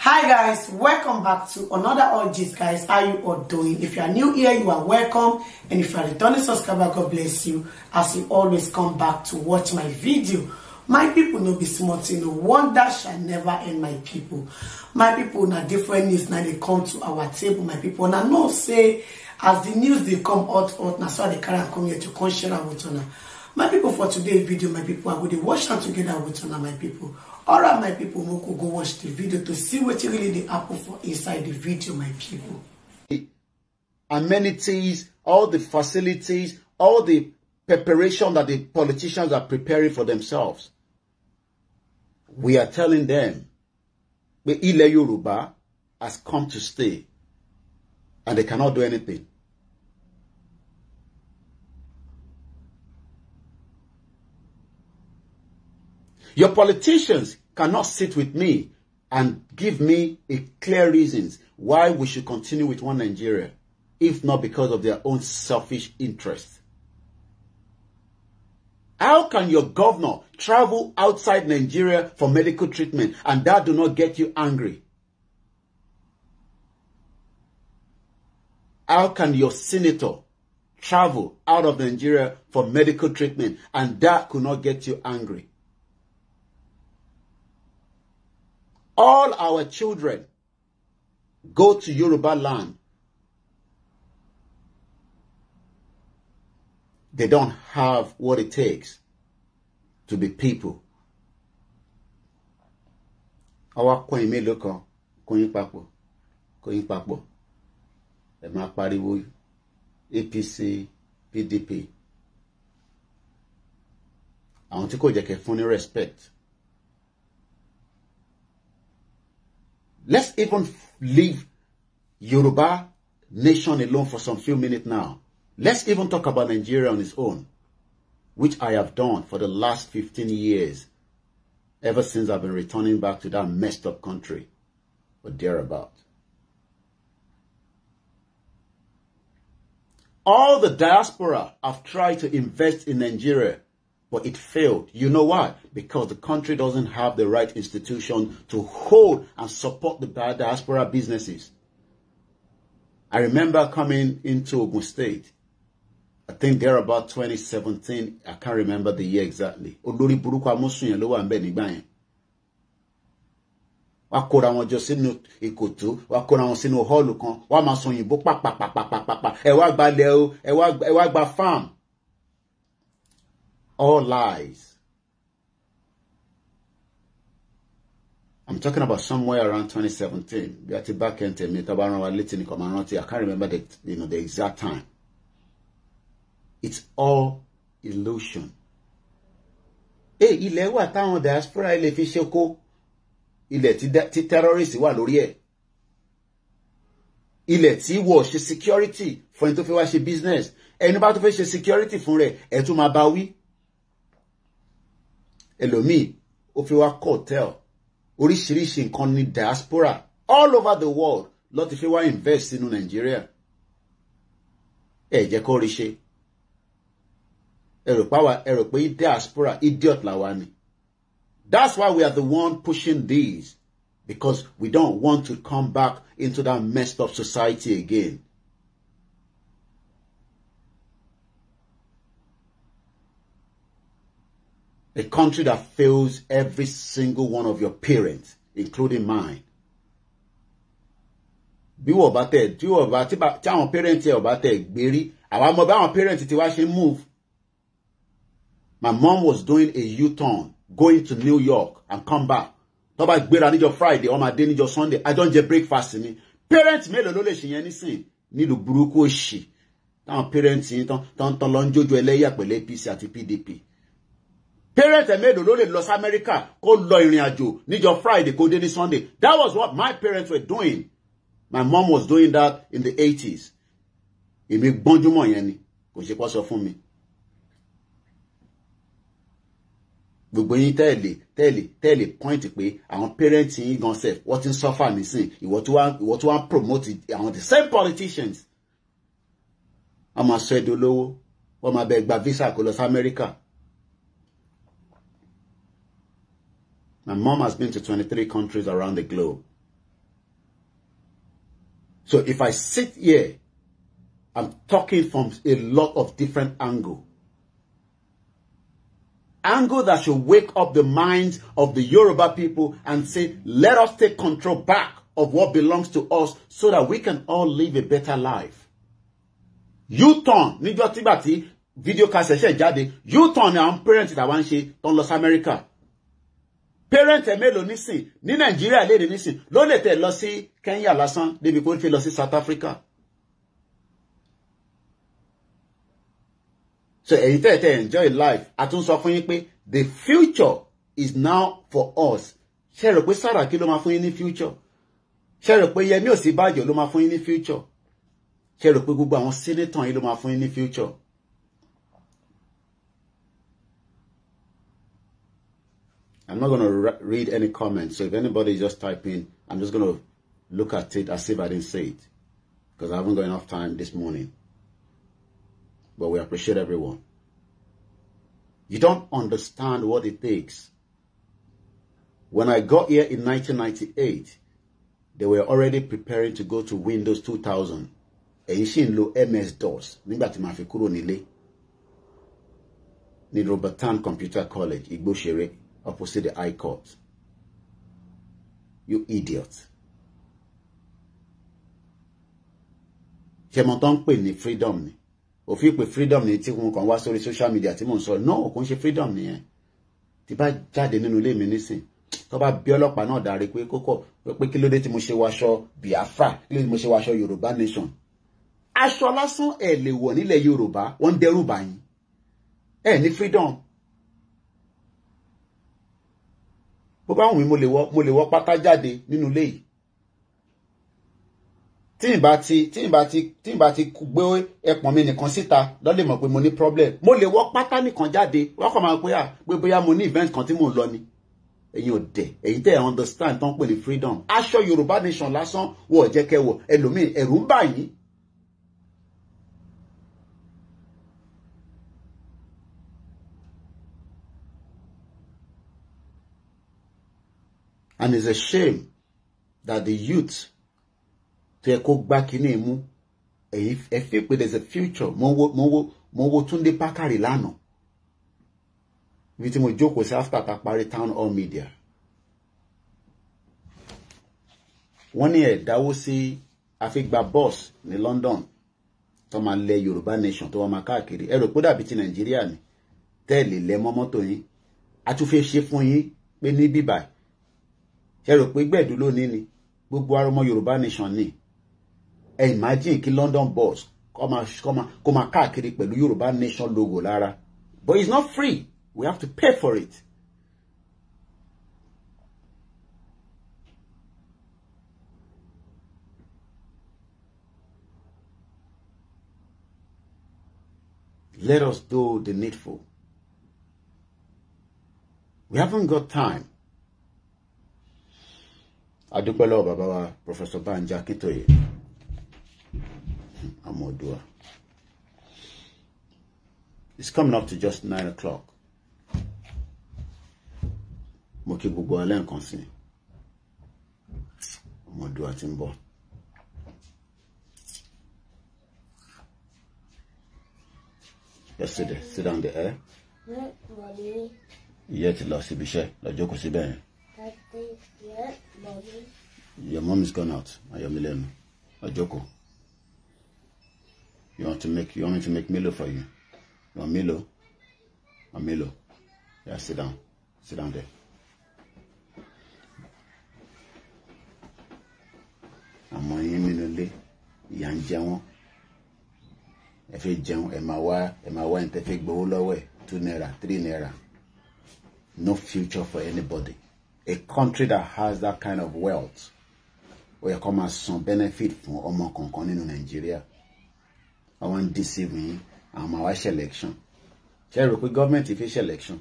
hi guys welcome back to another all gist guys how you all doing if you are new here you are welcome and if you are returning subscriber god bless you as you always come back to watch my video my people no be small thing no wonder shall never end my people my people na different news Now they come to our table my people Now no say as the news they come out, out now so they dey come here to come share am with una my people for today's video my people i go dey watch am together with una my people all right my people we could go watch the video to see what really the apple for inside the video my people amenities all the facilities all the preparation that the politicians are preparing for themselves we are telling them the Ile Yoruba has come to stay and they cannot do anything Your politicians cannot sit with me and give me a clear reasons why we should continue with one Nigeria, if not because of their own selfish interests. How can your governor travel outside Nigeria for medical treatment and that do not get you angry? How can your senator travel out of Nigeria for medical treatment and that could not get you angry? all our children go to Yoruba land. They don't have what it takes to be people. Àwa kọyìn mélòó kan kọyìn papọ̀ kọyìn papọ̀ ẹ máa pariwo APC PDP àwọn tí kò jẹ́ kẹ́ fún ní respect. Let's even leave Yoruba nation alone for some few minutes now. Let's even talk about Nigeria on its own, which I have done for the last 15 years, ever since I've been returning back to that messed up country or thereabout. All the diaspora have tried to invest in Nigeria but it failed. You know why? Because the country doesn't have the right institution to hold and support the diaspora businesses. I remember coming into Ogun State. I think there about 2017. I can't remember the year exactly. wà wá kóra wá ẹ farm all lies. I'm talking about somewhere around 2017. We are back end me I can't remember the you know the exact time. It's all illusion. Hey, ilẹ̀ wà táwọn diaspora ilẹ̀ fi ṣe kó ilẹ̀ tí terrorist wà lórí ẹ̀. Ilẹ̀ tí wọ̀ ṣe security for ẹni tó fẹ́ wá ṣe business. Anybody tó fẹ́ ṣe security for rẹ̀ ẹ̀ tún máa bá ẹlòmíì ó fi wá kọ́ hotel oríṣiríṣi nǹkan ní diaspora all over the world ló ti fi wá invest sínú nàìjíríà ẹ jẹ́ kó rí ṣe ẹ rò ẹ rò pé diaspora idiot làwa ni that's why we are the one pushing these because we don't want to come back into that messed up society again A country that fails every single one of your parents, including mine. Bí wọ́n bá tẹ̀ tí wọ́n bá tí àwọn parents ẹ̀ ọ̀bá tẹ̀ gbérí àwa mọ̀ bí àwọn parents ti wá ṣe move. My mom was doing a U-turn going to New York and come back. Tó bá gbéra níjọ́ Friday ọmọ adé níjọ́ Sunday a jọ ń jẹ breakfast ni. Parents mélòó ló lè ṣe yẹn nísìn nílùú burúkú òṣì táwọn parents yìí tán tán lọ ń jójo ẹlẹ́yà pẹ̀lú APC àti PDP parents made ló lè lọ sí Amẹ́ríkà kó lọ ìrìn àjò níjọ́ Friday kó dé ní Sunday that was what my parents were doing my mom was doing that in the eighties èmi gbọ́njúmọ̀ yẹn ni kò ṣe kó sọ fún mi. gbogbo yín tẹ́lẹ̀ tẹ́lẹ̀ tẹ́lẹ̀ point pé àwọn parents yín gan sef wọ́n ti ń suffer nísìn ìwọ to wọ́n promote àwọn the same politicians wọ́n máa sọ ẹ̀dùn olówó wọ́n máa bẹ gba visa kó Los America. My mom has been to 23 countries around the globe. So if I sit here, I'm talking from a lot of different angle. Angle that should wake up the minds of the Yoruba people and say, let us take control back of what belongs to us so that we can all live a better life. You turn níjọ́ video cassette ṣẹ̀ U-turn I'm parents ìtàwọn ṣe tó ń lọ America. parent ẹ mélòó nísìn ní nàìjíríà léde nísìn ló lè tẹ̀ lọ sí kenya lásán débi kó fi lọ sí south africa. so ẹ̀yin tẹ̀ tẹ̀ enjoy life a tún sọ fún yín pé the future is now for us ṣe rò pé Sàràkí ló máa fún yín ní future ṣe rò pé Yẹmí Ọ̀sínbàjò ló máa fún yín ní future ṣe rò pé gbogbo àwọn senator yín ló máa fún yín ní future I'm not going to read any comments. So if anybody just type in, I'm just going to look at it as if I didn't say it. Because I haven't got enough time this morning. But we appreciate everyone. You don't understand what it takes. When I got here in 1998, they were already preparing to go to Windows 2000. èyí sì ń lo MS DOS nígbà tí nílé ní Robertan Computer College Igbóṣeré opposite the High Court. You idiot. ṣe mọ tó ń pè ní freedom ni òfin pè freedom ni tí wọn kàn wá sórí social media tí mò ń sọ̀rọ̀ náà kò ń ṣe freedom nìyẹn tí bá jáde nínú ilé mi nísìn tó bá bí ọlọ́pàá náà darí pé kókó pé kí ló dé tí mo ṣe waṣọ Biafra kí ló dé tí mo ṣe waṣọ Yorùbá nation aṣọ lásán ẹ lè wọ̀ nílẹ̀ Yorùbá wọ́n ń dẹ́rù bá yín ẹ ní freedom bó bá wù mí mo lè wọ mo lè wọ pátá jáde nínú ilé yìí tí ìbá ti tí ìbá ti tí ìbá ti gbé ẹpọ̀n mi nìkan síta lọ́lẹ̀ mọ̀ pé mo ní problem mo lè wọ pátá nìkan jáde wọ́n kàn máa pé à ah, pé bóyá mo ní event kan tí mò ń lọ ni ẹ̀yin ò dẹ̀ ẹ̀yin tẹ̀ understand tán pè ní freedom aṣọ Yorùbá nation lásán wọ̀ jẹ́ kẹ́ wọ̀ ẹlòmíì ẹ̀rù ń bà yín and it's a shame that the youth tó echo back in kínní If èyí ẹ there's a future mo wo mo wo mo wo Túndé Bákàrè lánàá ibi mo jókòó sí after ta town hall media One year, ẹ̀dáwó sí àfigbà bus ní London tó máa lẹ Yorùbá nation tó wọ́n máa káàkiri ẹ rò pé dàbí ti Nàìjíríà ni tẹ́ẹ̀lì lẹ mọ́ mọ́tò yín a tún fẹ́ ṣe fún yín pé ní bíbáyìí ṣe rò pé gbẹ̀dú lónìí ni gbogbo arọmọ yorùbá nation ni ẹ imagine kí london bus kó máa káàkiri pẹ̀lú yorùbá nation logo lára but it's not free we have to pay for it. Let us do the needful. We haven't got time adúpẹ́ lọ́wọ́ bàbá wa Professor Banji Akíntóyè amọ̀dúà it's coming up to just nine o'clock mo kí gbogbo alẹ́ nǹkan sí amọ̀dúà ti ń bọ̀. yesterday sit down there. Eh? ìyẹ́ ti lọ síbi iṣẹ́ lọ́jọ́ kò síbẹ̀ yẹn. Your mom is gone out. Ayọ̀mílẹ́nu. Ajoko. You want to make you want me to make Milo for you. You want Milo? A Milo. Yeah, sit down. Sit down there. Àmọ́ yín nínú ilé, ìyà ń jẹ wọ́n. Ẹ fẹ́ jẹun, ẹ máa wá ẹ máa wá ẹni tẹ́ fẹ́ gbowó two naira, three naira. No future for anybody. a country that has that kind of wealth ó come as some san benefit from ọmọ kọ̀ọ̀kan Nigeria. I àwọn ń deceive yín I'm a wise election ṣe look with government fi ṣe election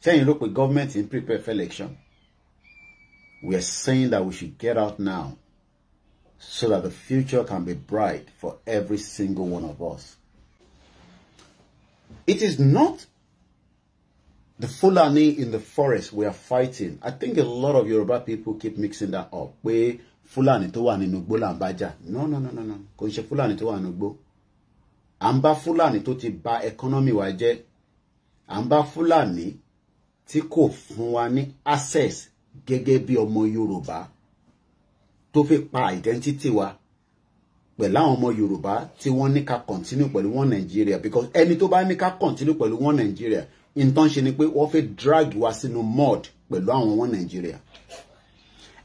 Say, rò pé gọ́ọ̀mẹ̀ntì ń prepare for election we are saying that we should get out now so that the future can be bright for every single one of us. It is not The Fulani in the forest we are fighting. I think a lot of Yoruba people keep mixing that up. We Fulani to one in igbó and BaJa, No, no, no, no, no. Kò ń Fulani to one in igbó. amba Fulani to ti bà economy wa amba À ń Fulani tí kò fún wa ní access gẹ́gẹ́ bí ọmọ Yorùbá tó fi pa identity wa pẹ̀lú la Omo Yoruba, tí wọ́n ní continue pẹ̀lú one Nigeria because any to bá ní ká continue pẹ̀lú one Nigeria nǹkan ṣe ni pé wọ́n fẹ́ drag wa sínú mud pẹ̀lú àwọn ọmọ nàìjíríà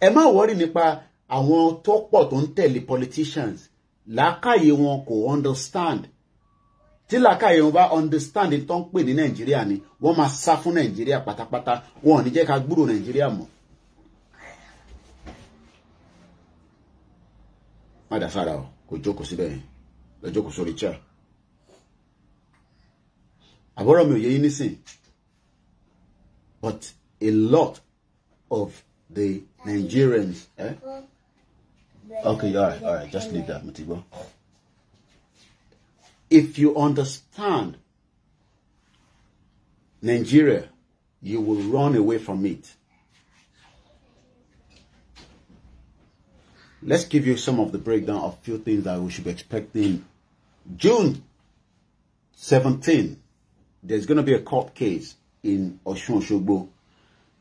ẹ má wọ́rí nípa àwọn to pọ̀ tó ń tẹ̀lé politicians làákàyè wọn kò understand tí làákàyè wọn bá understand tó ń pè ní nàìjíríà ni wọ́n máa sá fún nàìjíríà pátápátá wọn ò ní jẹ́ ká Nigeria. nàìjíríà mọ́. má dàsára o kò jókòó síbẹ̀ yẹn lọ jókòó sórí but a lot of the Nigerians eh? okay all right all right just leave that Matibo. if you understand Nigeria you will run away from it let's give you some of the breakdown of few things that we should be expecting June 17 there's going to be a court case in Oshun Shogbo.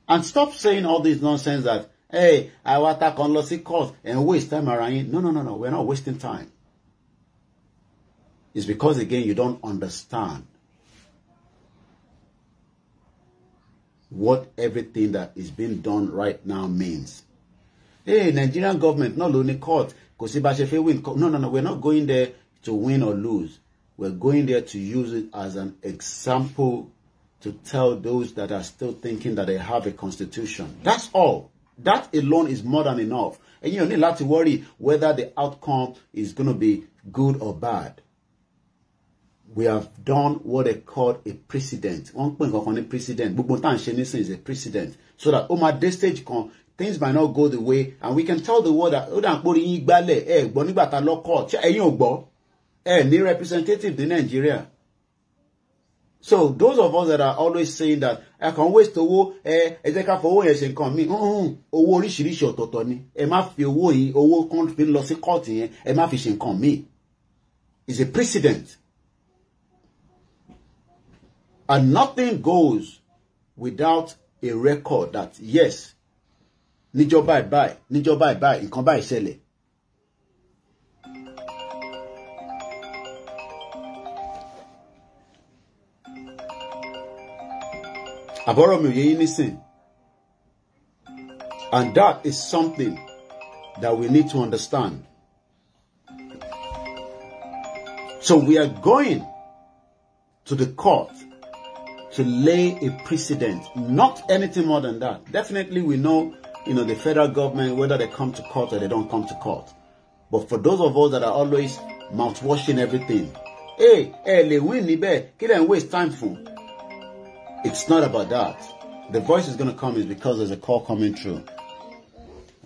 And stop saying all this nonsense that, hey, will attack on Lossy court and waste time around. No, no, no, no. We're not wasting time. It's because, again, you don't understand what everything that is being done right now means. Hey, Nigerian government, not only court, because no, no, no, we're not going there to win or lose. We're going there to use it as an example to tell those that are still thinking that they have a constitution. That's all. That alone is more than enough. And you don't need to worry whether the outcome is going to be good or bad. We have done what they call a precedent. One point on a precedent. is a precedent. So that on my this stage can things might not go the way and we can tell the world that ẹ eh, ní representative ní Nigeria. so those of us that are always saying that I can waste owó ẹ eh, ẹ jẹ́ ká fowó yẹn ṣe nǹkan mi owó oríṣiríṣi ọ̀tọ̀ọ̀tọ̀ ni ẹ má fi owó yìí owó country fi lọ sí kóòtù yẹn ẹ má fi ṣe nǹkan mi it's a precedent and nothing goes without a record that yes níjọba ìbáyìí níjọba ìbáyìí nǹkan báyìí ṣẹlẹ̀ and that is something that we need to understand. So we are going to the court to lay a precedent, not anything more than that. Definitely we know, you know, the federal government, whether they come to court or they don't come to court. But for those of us that are always mouth washing everything, hey, hey, le win ni waste time for. It's not about that. The voice is going to come is because there's a call coming through.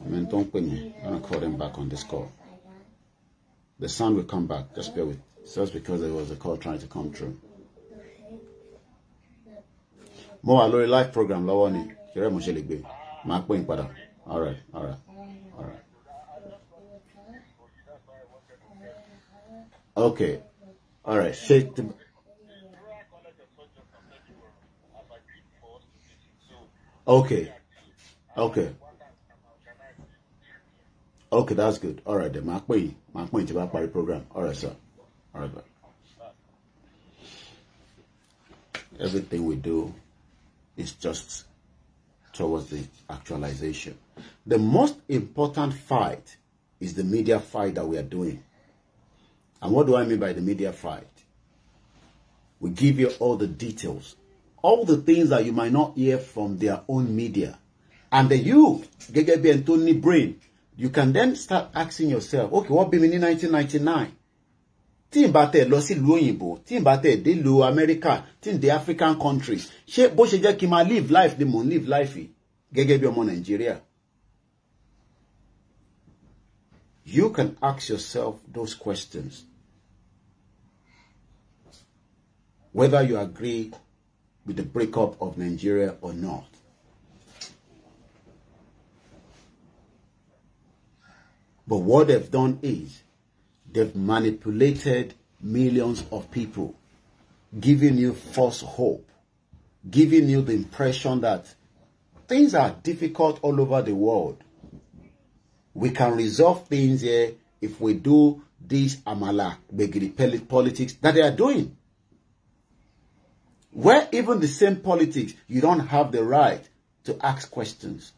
I mean, don't quit me. I'm going to call them back on this call. The sound will come back. Just bear with so Just because there was a call trying to come through. Mo wà live program lọ́wọ́ ni. Kìrẹ́ mo ṣe lè all right, all right. Okay, all right. Shake the... Okay. Okay. Okay, that's good. All right, then. Màá pè yín. Màá pè yín program. All right, sir. All right, sir. Everything we do is just towards the actualization. The most important fight is the media fight that we are doing. And what do I mean by the media fight? We give you all the details all the things that you might not hear from their own media. And then you, Gegebe and Tony Brain, you can then start asking yourself, okay, what bí in 1999? Tí n bá tẹ̀ lọ sí America, òyìnbó, the dé African countries, She bó ṣe live life ni mò live life yìí gẹ́gẹ́ Nigeria. You can ask yourself those questions. Whether you agree with the breakup of Nigeria or not. But what they've done is they've manipulated millions of people, giving you false hope, giving you the impression that things are difficult all over the world. We can resolve things here if we do this amala begiri politics that they are doing. Where even the same politics, you don't have the right to ask questions.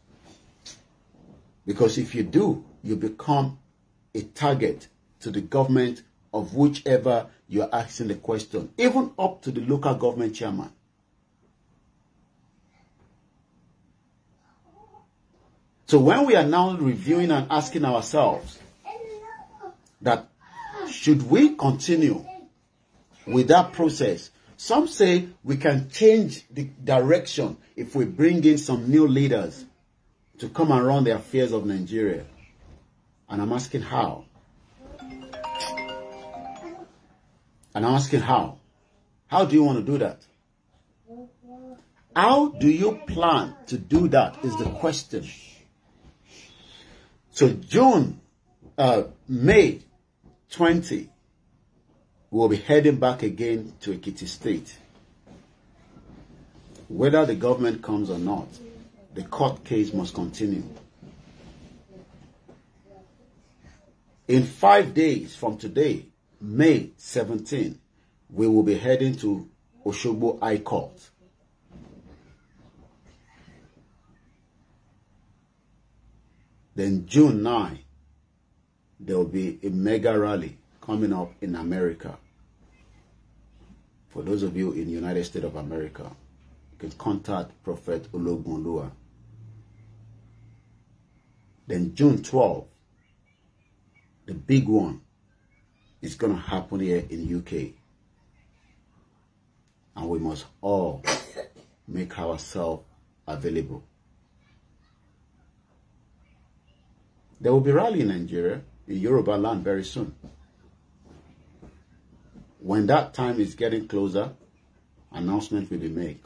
Because if you do, you become a target to the government of whichever you're asking the question, even up to the local government chairman. So when we are now reviewing and asking ourselves that should we continue with that process some say we can change the direction if we bring in some new leaders to come and run the affairs of Nigeria. And I'm asking how. And I'm asking how. How do you want to do that? How do you plan to do that is the question. So June, uh, May 20, we will be heading back again to Ekiti State. Whether the government comes or not, the court case must continue. In five days from today, May 17, we will be heading to Oshobo High Court. Then June 9, there will be a mega rally coming up in America. For those of you in the United States of America, you can contact Prophet Ologunlua. Then June 12, the big one is going to happen here in the UK. And we must all make ourselves available. There will be rally in Nigeria, in Yoruba land very soon. When that time is getting closer, announcement will be made.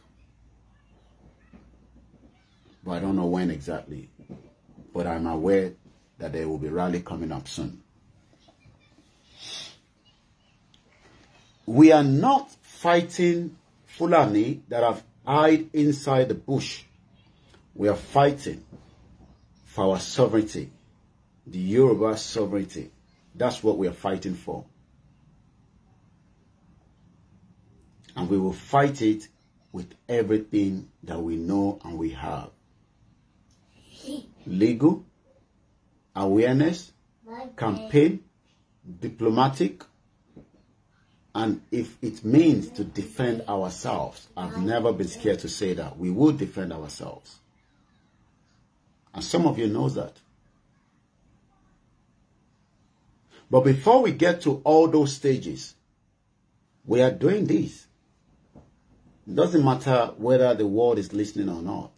But I don't know when exactly. But I'm aware that there will be rally coming up soon. We are not fighting Fulani that have hide inside the bush. We are fighting for our sovereignty, the Yoruba sovereignty. That's what we are fighting for. and we will fight it with everything that we know and we have. Legal, awareness, campaign, diplomatic, and if it means to defend ourselves, I've never been scared to say that. We will defend ourselves. And some of you know that. But before we get to all those stages, we are doing this. It doesn't matter whether the world is listening or not.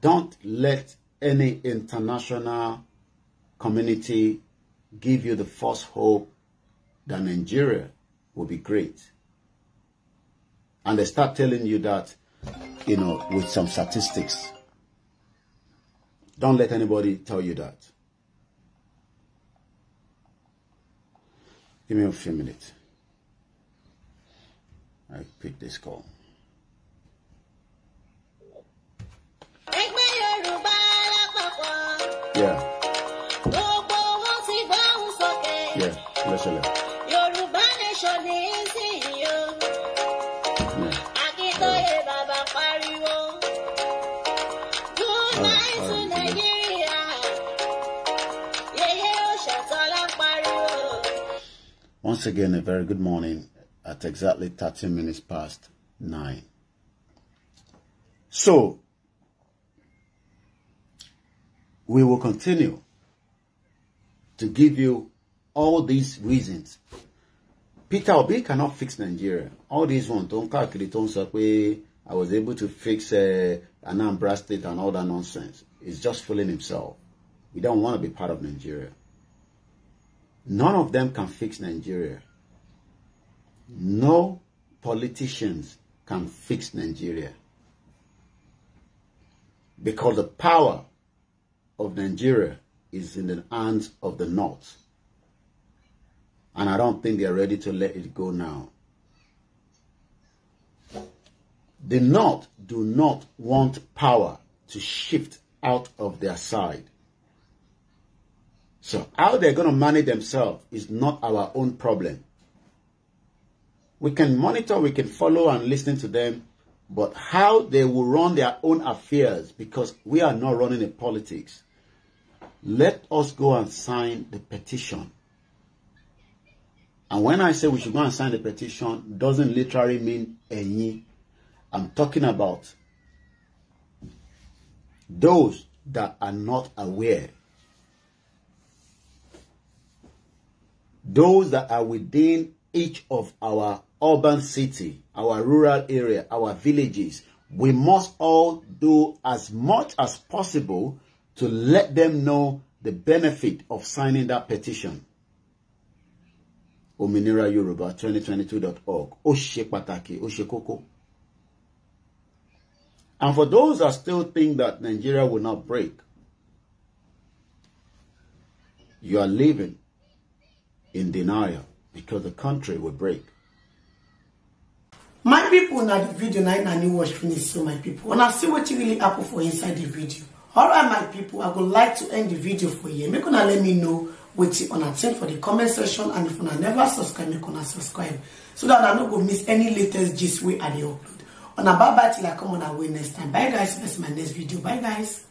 Don't let any international community give you the false hope that Nigeria will be great. And they start telling you that, you know, with some statistics. Don't let anybody tell you that. Give me a few minutes. I pick this call. Yeah. Yeah, let's Once again, a very good morning at exactly 13 minutes past 9. So, we will continue to give you all these reasons. Peter Obi cannot fix Nigeria. All these ones, don't calculate, do I was able to fix uh, Anambra State and all that nonsense. He's just fooling himself. We don't want to be part of Nigeria. None of them can fix Nigeria. No politicians can fix Nigeria. Because the power of Nigeria is in the hands of the North. And I don't think they're ready to let it go now. The North do not want power to shift out of their side. So how they're going to manage themselves is not our own problem. We can monitor, we can follow and listen to them, but how they will run their own affairs because we are not running a politics. Let us go and sign the petition. And when I say we should go and sign the petition, doesn't literally mean any. I'm talking about those that are not aware those that are within each of our urban city, our rural area, our villages, we must all do as much as possible to let them know the benefit of signing that petition. Ominira Yoruba 2022.org. Ó ṣe pàtàkì, ó ṣe kókó. And for those that still think that Nigeria will not break, you are living in denial because the country will break. My people, now the video now na you watch finish so my people. When I see what you really happen for inside the video. Alright my people, I would like to end the video for you. Make gonna let me know what you on attend for the comment section and if una never subscribe, make una subscribe so that I not go miss any latest gist way I upload. On a bye bye till I come on our way next time. Bye guys, that's my next video. Bye guys.